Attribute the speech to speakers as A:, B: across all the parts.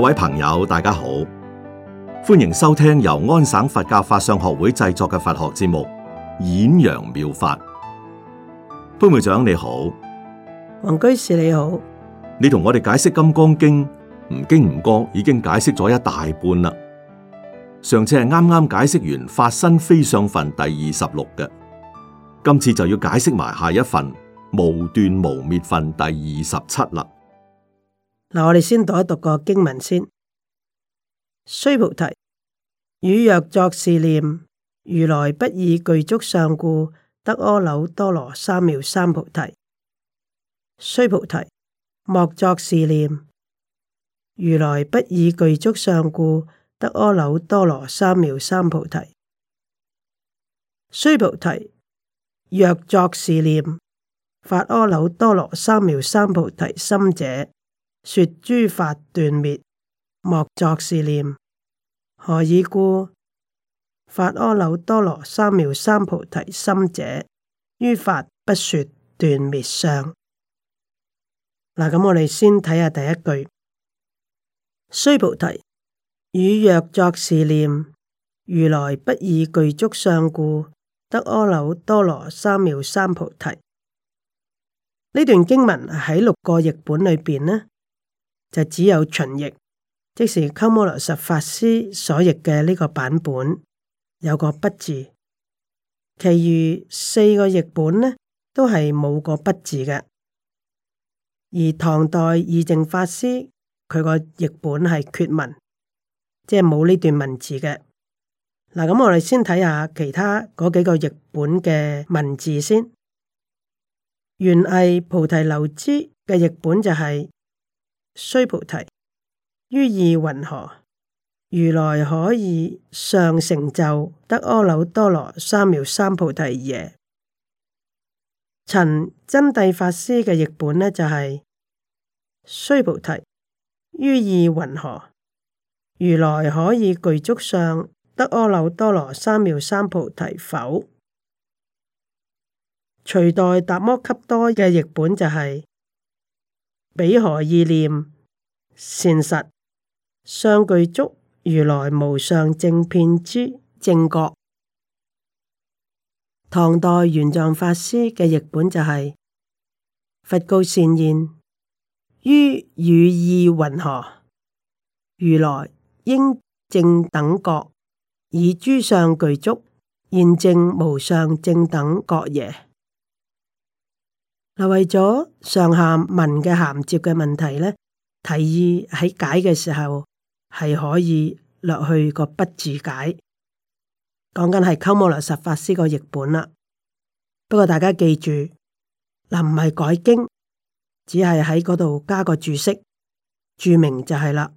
A: 各位朋友，大家好，歡迎收聽由安省佛教法相學會製作嘅佛學節目《演揚妙，妙法》。潘會長你好，
B: 黃居士你好，
A: 你同我哋解釋《金剛經》，唔經唔覺，已經解釋咗一大半啦。上次係啱啱解釋完法身非相分第二十六嘅，今次就要解釋埋下一分「無斷無滅分」第二十七啦。
B: 嗱，我哋先讀一讀個經文先。須菩提，汝若作是念，如來不以具足相故得阿耨多羅三藐三菩提。須菩提，莫作是念，如來不以具足相故得阿耨多羅三藐三菩提。須菩提，若作是念，發阿耨多羅三藐三菩提心者，說諸法斷滅，莫作是念。何以故？發阿耨多羅三藐三菩提心者，於法不說斷滅相。嗱，咁我哋先睇下第一句。須菩提，汝若作是念，如來不以具足相故得阿耨多羅三藐三菩提。呢段經文喺六個譯本裏邊呢？就只有秦譯，即是，鳩摩羅什法師所譯嘅呢個版本有個不字，其餘四個譯本呢都係冇個不字嘅，而唐代義淨法師佢個譯本係缺文，即係冇呢段文字嘅。嗱，咁我哋先睇下其他嗰幾個譯本嘅文字先。元魏菩提流支嘅譯本就係、是。須菩提於意云何，如來可以上成就得阿耨多羅三藐三菩提耶？陳真諦法師嘅譯本呢就係、是、須菩提於意云何，如來可以具足上得阿耨多羅三藐三菩提否？隋代達摩笈多嘅譯本就係、是。彼何意念？善實相具足如來無上正遍知正覺。唐代玄奘法師嘅譯本就係、是、佛告善現：於與意云何？如來應正等覺，以諸相具足現正無上正等覺耶？嗱，為咗上下文嘅銜接嘅問題咧，提議喺解嘅時候係可以落去個不字解，講緊係鳩摩羅什法師個譯本啦。不過大家記住，嗱唔係改經，只係喺嗰度加個注釋，注明就係啦。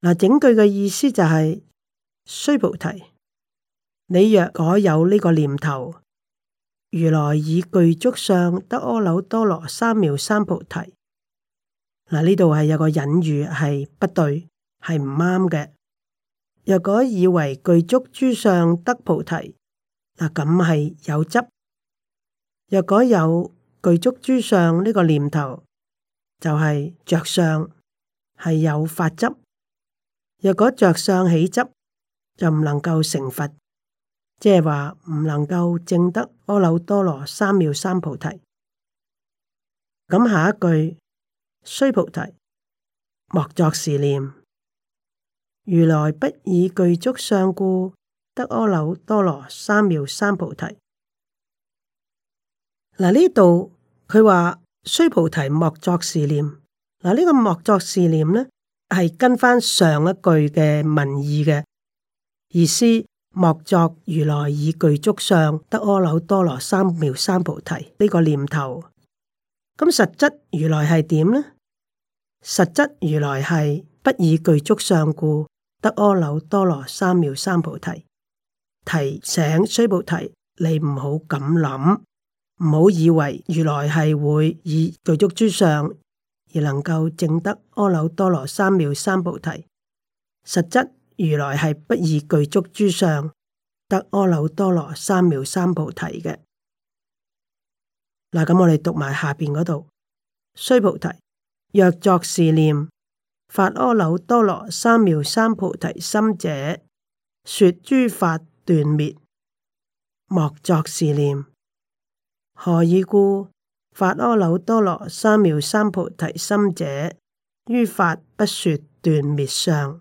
B: 嗱，整句嘅意思就係、是、須菩提，你若果有呢個念頭。如來以具足相得阿耨多羅三藐三菩提。嗱，呢度係有個隱喻，係不對，係唔啱嘅。若果以為具足諸相得菩提，嗱，咁係有執；若果有具足諸相呢個念頭，就係、是、着相，係有法執；若果着相起執，就唔能夠成佛。即係話唔能夠證得阿耨多羅三藐三菩提。咁下一句須菩提莫作是念，如來不以具足相故得阿耨多羅三藐三菩提。嗱呢度佢話須菩提莫作是念。嗱呢個莫作是念呢，係跟翻上一句嘅文意嘅意思。莫作如來以具足相得阿耨多羅三藐三菩提呢個念頭，咁實質如來係點呢？實質如來係不以具足相故得阿耨多羅三藐三菩提，提醒須菩提，你唔好咁諗，唔好以為如來係會以具足諸相而能夠證得阿耨多羅三藐三菩提，實質。如來係不以具足諸相，得阿耨多羅三藐三菩提嘅。嗱，咁我哋讀埋下邊嗰度。須菩提，若作是念，發阿耨多羅三藐三菩提心者，說諸法斷滅，莫作是念。何以故？發阿耨多羅三藐三菩提心者，於法不說斷滅相。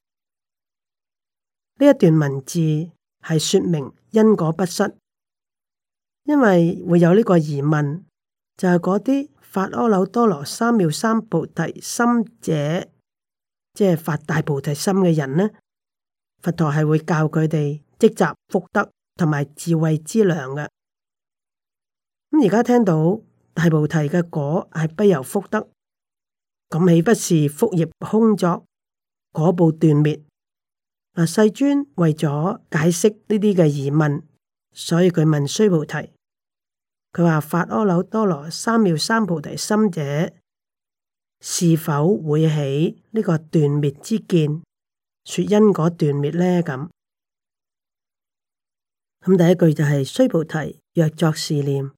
B: 呢一段文字係說明因果不失，因為會有呢個疑問，就係嗰啲發阿耨多羅三藐三菩提心者，即係發大菩提心嘅人呢，佛陀係會教佢哋積集福德同埋智慧之糧嘅。咁而家聽到大菩提嘅果係不由福德，咁豈不是福業空作，果報斷滅？嗱，世尊為咗解釋呢啲嘅疑問，所以佢問須菩提，佢話：發阿耨多羅三藐三菩提心者，是否會起呢個斷滅之見，說因果斷滅呢？」咁咁第一句就係、是、須菩提若作是念，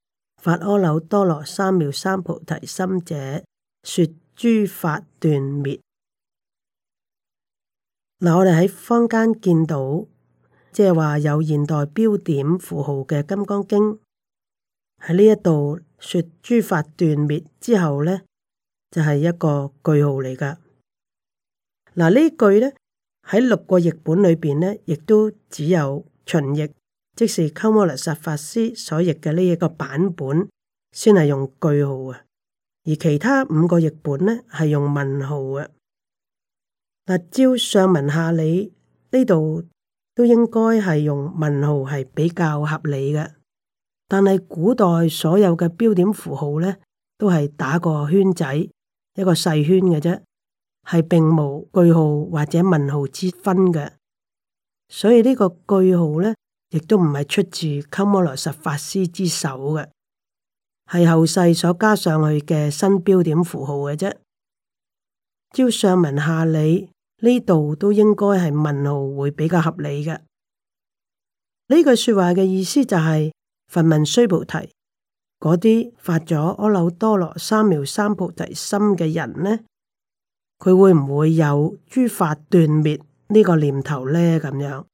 B: 發阿耨多羅三藐三菩提心者，說諸法斷滅。嗱，我哋喺坊間見到，即係話有現代標點符號嘅《金剛經》，喺呢一度說諸法斷滅之後呢就係一個句號嚟噶。嗱，呢句呢喺六個譯本裏邊呢，亦都只有秦譯，即是鳩摩羅什法師所譯嘅呢一個版本，先係用句號啊，而其他五個譯本呢，係用問號啊。嗱，照上文下理呢度都應該係用問號係比較合理嘅，但係古代所有嘅標點符號呢，都係打個圈仔一個細圈嘅啫，係並冇句號或者問號之分嘅，所以呢個句號呢，亦都唔係出自鳩摩羅什法師之手嘅，係後世所加上去嘅新標點符號嘅啫。照上文下理。呢度都應該係問號會比較合理嘅。呢句說話嘅意思就係、是：佛問須菩提，嗰啲發咗阿耨多羅三藐三菩提心嘅人呢，佢會唔會有諸法斷滅呢個念頭呢？咁樣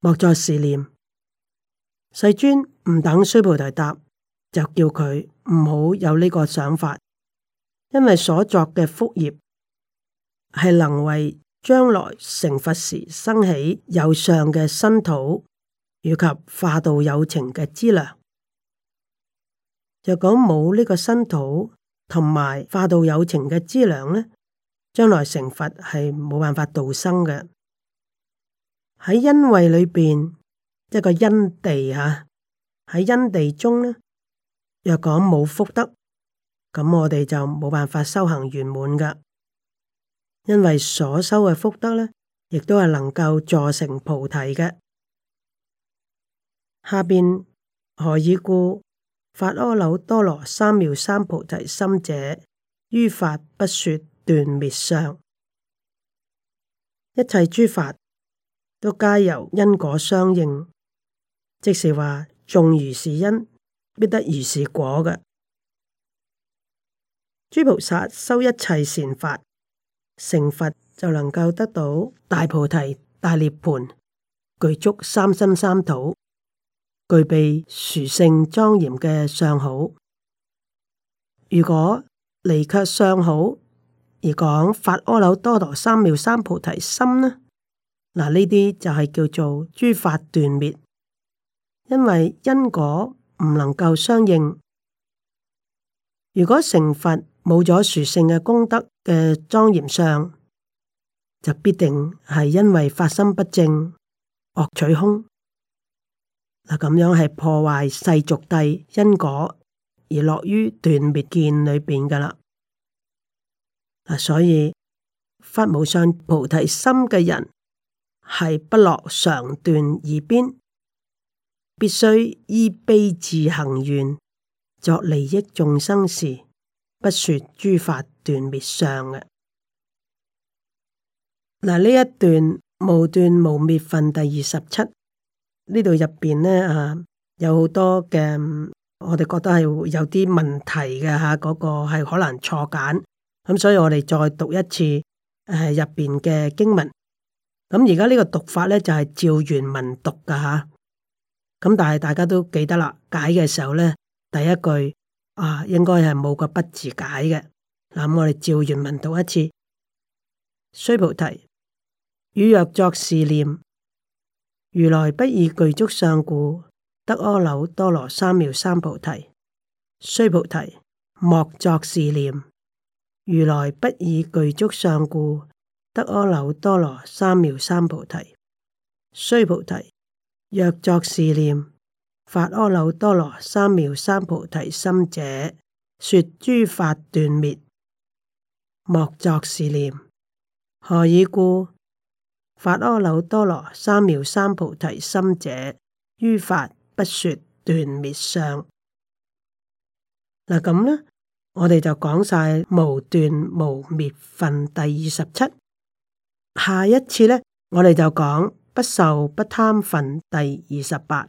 B: 莫作是念。世尊唔等須菩提答，就叫佢唔好有呢個想法，因為所作嘅福業。係能為將來成佛時生起有相嘅身土，以及化度有情嘅資糧。若講冇呢個身土同埋化度有情嘅資糧呢，將來成佛係冇辦法度生嘅。喺因位裏邊，一個因地吓，喺因地中呢，若講冇福德，咁我哋就冇辦法修行圓滿噶。因為所修嘅福德呢，亦都係能夠助成菩提嘅。下邊何以故？發阿耨多羅三藐三菩提心者，於法不說斷滅相。一切諸法都皆由因果相應，即是話種如是因，必得如是果嘅。諸菩薩修一切善法。成佛就能夠得到大菩提、大涅盤、具足三身三土，具備殊勝莊嚴嘅相好。如果離卻相好而講發阿耨多羅三藐三菩提心呢？嗱，呢啲就係叫做諸法斷滅，因為因果唔能夠相應。如果成佛冇咗殊勝嘅功德，嘅莊嚴相就必定係因為發心不正、惡取空，嗱，咁樣係破壞世俗諦因果，而落於斷滅見裏邊噶啦。嗱，所以發無上菩提心嘅人係不落常斷而邊，必須依悲智行願作利益眾生事。不說諸法斷滅相嘅，嗱呢一段無斷無滅分第二十七呢度入邊呢，啊，有好多嘅，我哋覺得係有啲問題嘅吓，嗰、嗰個係可能錯簡，咁所以我哋再讀一次誒入邊嘅經文，咁而家呢個讀法呢，就係、是、照原文讀噶吓，咁但係大家都記得啦，解嘅時候呢，第一句。啊，應該係冇個不字解嘅。咁、嗯、我哋照原文讀一次。須菩提，汝若作是念，如來不以具足相故得阿耨多羅三藐三菩提。須菩提，莫作是念，如來不以具足相故得阿耨多羅三藐三菩提。須菩提，若作是念。發阿耨多羅三藐三菩提心者，說諸法斷滅，莫作是念。何以故？發阿耨多羅三藐三菩提心者，於法不說斷滅相。嗱咁呢，我哋就講晒無斷無滅分第二十七。下一次呢，我哋就講不受不貪分第二十八。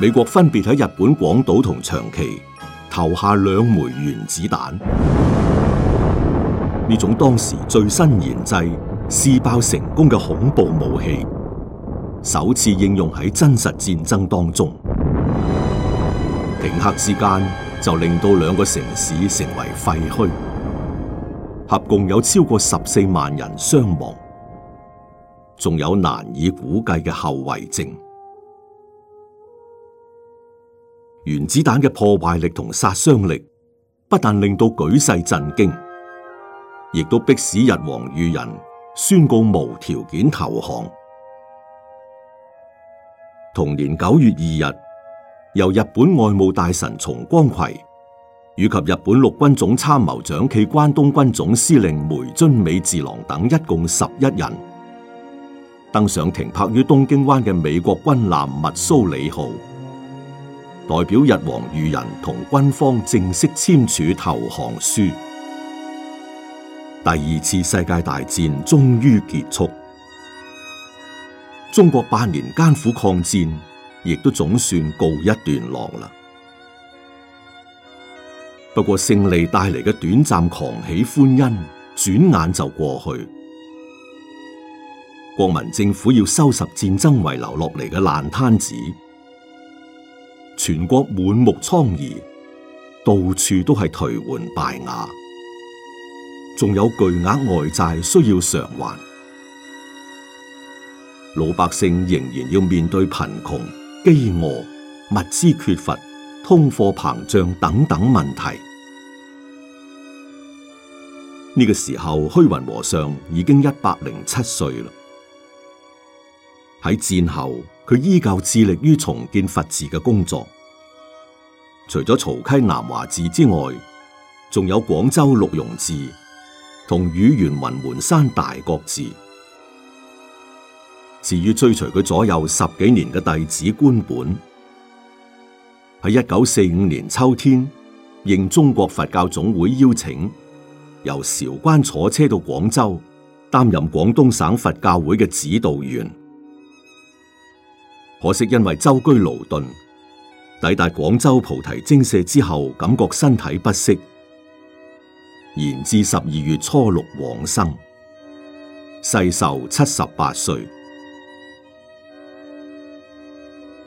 A: 美國分別喺日本廣島同長崎投下兩枚原子彈，呢種當時最新研製試爆成功嘅恐怖武器，首次應用喺真實戰爭當中。頃刻之間就令到兩個城市成為廢墟，合共有超過十四萬人傷亡，仲有難以估計嘅後遺症。原子彈嘅破壞力同殺傷力不但令到舉世震驚，亦都迫使日王裕仁宣告無條件投降。同年九月二日，由日本外務大臣重光葵以及日本陸軍總參謀長暨關東軍總司令梅津美治郎等一共十一人登上停泊於東京灣嘅美國軍艦密蘇里號。代表日皇裕仁同軍方正式簽署投降書，第二次世界大戰終於結束，中國八年艱苦抗戰亦都總算告一段落啦。不過勝利帶嚟嘅短暫狂喜歡欣，轉眼就過去。國民政府要收拾戰爭遺留落嚟嘅爛攤子。全國滿目瘡痍，到處都係頹垣敗瓦，仲有巨額外債需要償還，老百姓仍然要面對貧窮、飢餓、物資缺乏、通貨膨脹等等問題。呢個時候，虛雲和尚已經一百零七歲啦。喺戰後。佢依舊致力於重建佛寺嘅工作，除咗曹溪南華寺之外，仲有廣州六榕寺同乳源雲門山大覺寺。至於追隨佢左右十幾年嘅弟子觀本，喺一九四五年秋天，應中國佛教總會邀請，由韶關坐車到廣州，擔任廣東省佛教會嘅指導員。可惜因為舟車勞頓，抵達廣州菩提精舍之後，感覺身體不適，延至十二月初六往生，世壽七十八歲。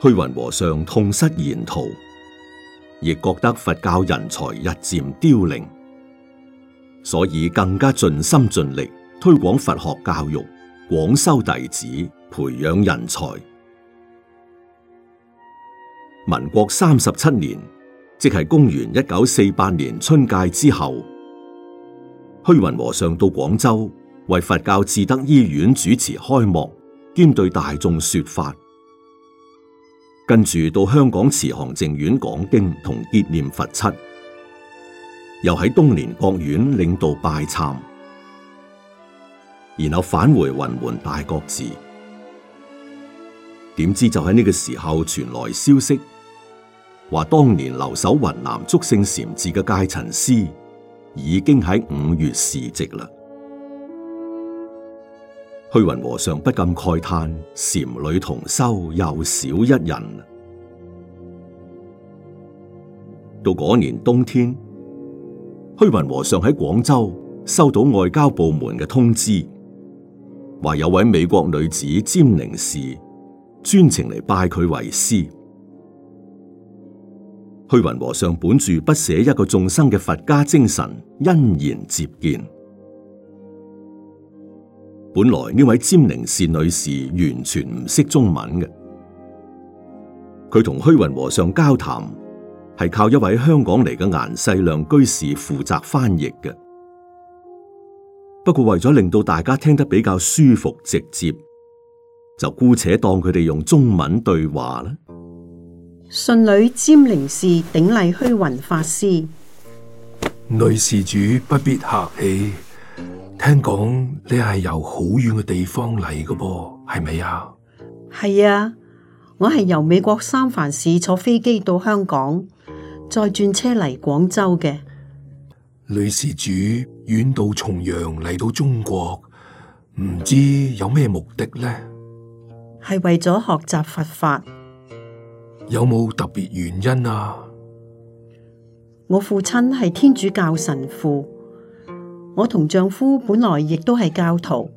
A: 虛雲和尚痛失賢徒，亦覺得佛教人才日漸凋零，所以更加盡心盡力推廣佛學教育，廣收弟子，培養人才。民國三十七年，即係公元一九四八年春戒之後，虛雲和尚到廣州為佛教智德醫院主持開幕，兼對大眾說法。跟住到香港慈航淨院講經同結念佛七，又喺東蓮覺苑領導拜懺，然後返回雲門大覺寺。點知就喺呢個時候傳來消息。話當年留守雲南竹聖禪寺嘅戒塵師已經喺五月逝世啦。虛雲和尚不禁慨嘆：禪女同修又少一人。到嗰年冬天，虛雲和尚喺廣州收到外交部門嘅通知，話有位美國女子詹寧氏專程嚟拜佢為師。虛雲和尚本住不捨一個眾生嘅佛家精神，欣然接見。本來呢位占寧善女士完全唔識中文嘅，佢同虛雲和尚交談係靠一位香港嚟嘅顏世亮居士負責翻譯嘅。不過為咗令到大家聽得比較舒服直接，就姑且當佢哋用中文對話啦。
C: 信女占靈士頂禮虛雲法師。
A: 女施主不必
D: 客氣，聽講你係由好遠嘅地方嚟嘅噃，係咪啊？
C: 係啊，我係由美國三藩市坐飛機到香港，再轉車嚟廣州嘅。
D: 女施主遠渡重洋嚟到中國，唔知有咩目的呢？
C: 係為咗學習佛法。
D: 有冇特別原因
C: 啊？我父親係天主教神父，我同丈夫本來亦都係教徒。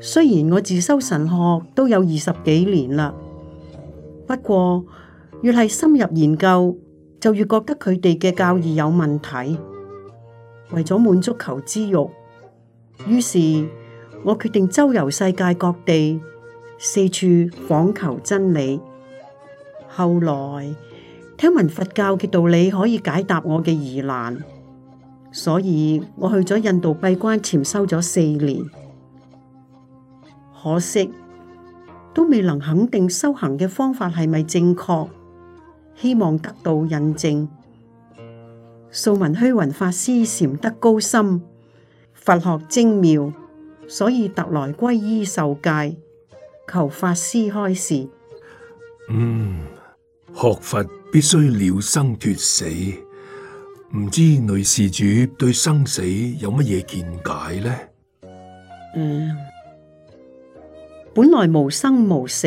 C: 雖然我自修神學都有二十幾年啦，不過越係深入研究，就越覺得佢哋嘅教義有問題。為咗滿足求知欲，於是我決定周遊世界各地，四處訪求真理。後來聽聞佛教嘅道理可以解答我嘅疑難，所以我去咗印度閉關潛修咗四年，可惜都未能肯定修行嘅方法係咪正確，希望得到印證。素聞虛雲法師禪德高深，佛學精妙，所以特來皈依受戒，求法師開示。
D: 嗯。學佛必須了生脫死，唔知女施主對生死有乜嘢見解呢？嗯，
C: 本來無生無死，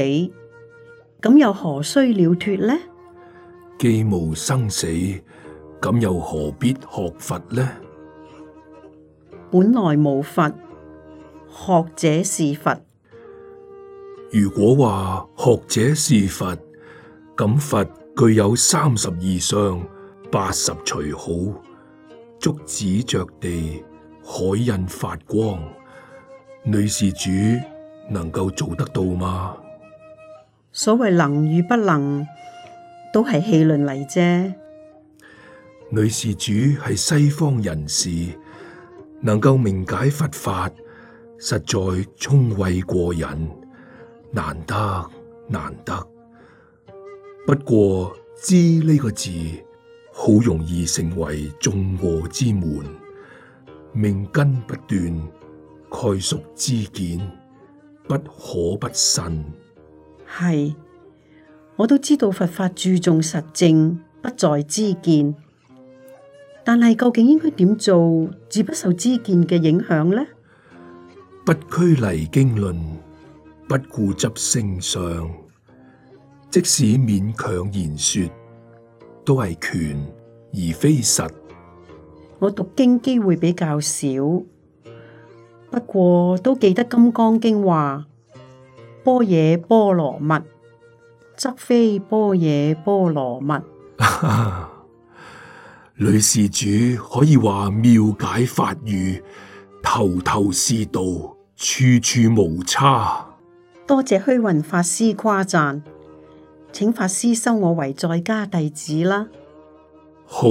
C: 咁又何須了脫呢？
D: 既無生死，咁又何必學佛呢？
C: 本來無佛，學者是佛。
D: 如果話學者是佛。噉佛具有三十二相、八十隨好，足趾着地，海印發光。女施主能夠做得到嗎？
C: 所謂能與不能，都係戲論嚟啫。
D: 女施主係西方人士，能夠明解佛法，實在聰慧過人，難得難得。不過知呢個字好容易成為眾惡之門，命根不斷，概屬知見，不可
C: 不慎。係，我都知道佛法注重實證，不在知見。但係究竟應該點做，至不受知見嘅影響呢？
D: 不拘泥經論，不固執性相。即使勉強言說，都係權而非實。
C: 我讀經機會比較少，不過都記得《金剛經》話：般若波羅蜜，則非般若波羅蜜。
D: 女施主可以話妙解法語，頭頭是道，處處無差。
C: 多謝虛雲法師誇讚。請法師收我為在家弟子啦。
D: 好，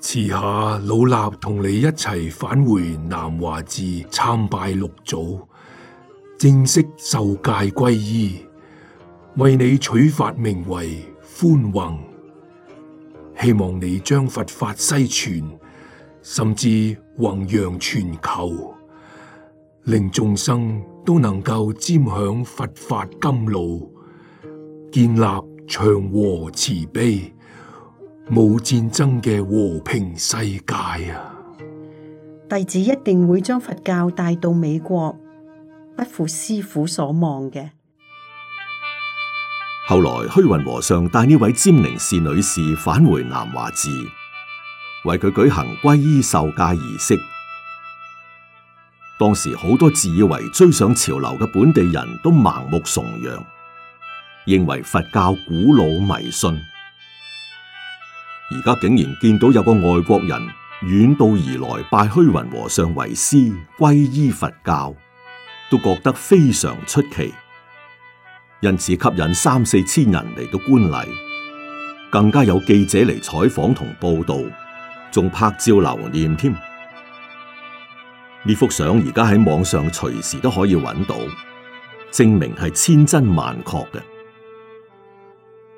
D: 遲下老衲同你一齊返回南華寺參拜六祖，正式受戒歸依，為你取法名為寬宏。希望你將佛法西傳，甚至弘揚全球，令眾生都能夠沾享佛法甘露。建立祥和慈悲、冇戰爭嘅和平世界啊！
C: 弟子一定會將佛教帶到美國，不負師父所望嘅。
A: 後來虛雲和尚帶呢位占寧氏女士返回南華寺，為佢舉行皈依受戒儀式。當時好多自以為追上潮流嘅本地人都盲目崇洋。認為佛教古老迷信，而家竟然見到有個外國人遠道而來拜虛雲和尚為師皈依佛教，都覺得非常出奇，因此吸引三四千人嚟到觀禮，更加有記者嚟採訪同報道，仲拍照留念添。呢幅相而家喺網上隨時都可以搵到，證明係千真萬確嘅。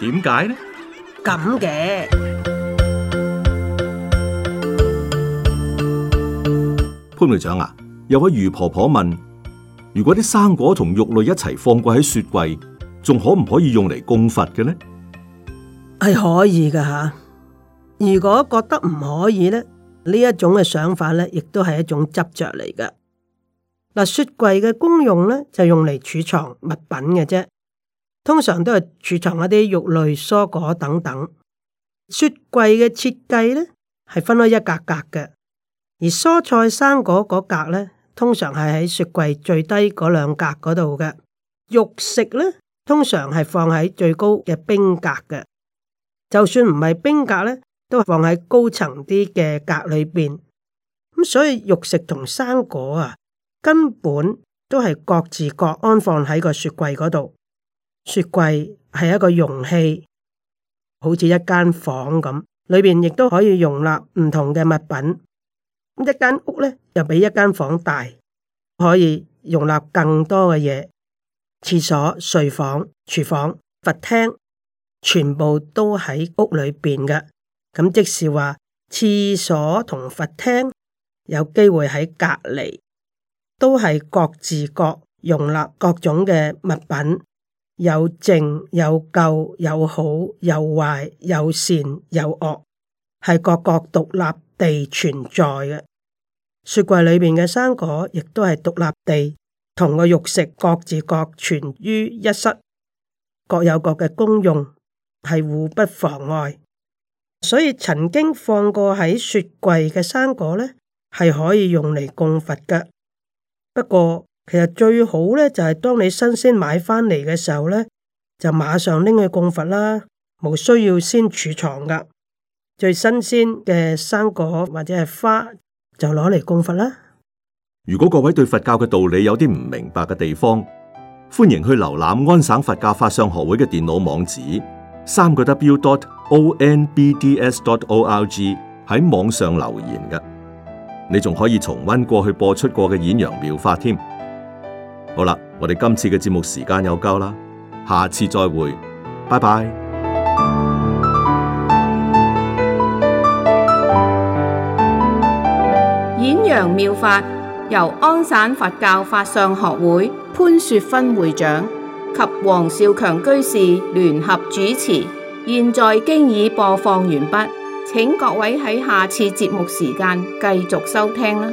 C: 點解呢？咁嘅
A: 潘隊長啊，有位余婆婆問：如果啲生果同肉類一齊放過喺雪櫃，仲可唔可以用嚟供佛嘅呢？
B: 係可以嘅吓。如果覺得唔可以呢？呢一種嘅想法呢，亦都係一種執着嚟噶。嗱，雪櫃嘅功用呢，就用嚟儲藏物品嘅啫。通常都係儲藏一啲肉類、蔬果等等。雪櫃嘅設計呢，係分開一格格嘅，而蔬菜、生果嗰格呢，通常係喺雪櫃最低嗰兩格嗰度嘅。肉食呢，通常係放喺最高嘅冰格嘅，就算唔係冰格呢，都放喺高層啲嘅格裏邊。咁所以肉食同生果啊，根本都係各自各安放喺個雪櫃嗰度。雪櫃係一個容器，好似一間房咁，裏邊亦都可以容納唔同嘅物品。一間屋咧，又比一間房大，可以容納更多嘅嘢。廁所、睡房、廚房、佛廳，全部都喺屋裏邊嘅。咁即是話，廁所同佛廳有機會喺隔離，都係各自各容納各種嘅物品。有正有舊，有好有壞，有善有惡，係各各獨立地存在嘅。雪櫃裏面嘅生果亦都係獨立地同個肉食各自各存於一室，各有各嘅功用，係互不妨礙。所以曾經放過喺雪櫃嘅生果呢，係可以用嚟供佛嘅。不過。其實最好咧，就係、是、當你新鮮買翻嚟嘅時候咧，就馬上拎去供佛啦，冇需要先儲藏噶。最新鮮嘅生果或者係花就攞嚟供佛啦。
A: 如果各位對佛教嘅道理有啲唔明白嘅地方，歡迎去瀏覽安省佛教法相學會嘅電腦網址，三個 W dot O N B D S dot O R G 喺網上留言噶。你仲可以重溫過去播出過嘅演揚妙法添。好啦，我哋今次嘅節目時間有夠啦，下次再會，拜拜。
C: 演揚妙法由安省佛教法相學會潘雪芬會長及黃少強居士聯合主持，現在經已播放完畢，請各位喺下次節目時間繼續收聽啦。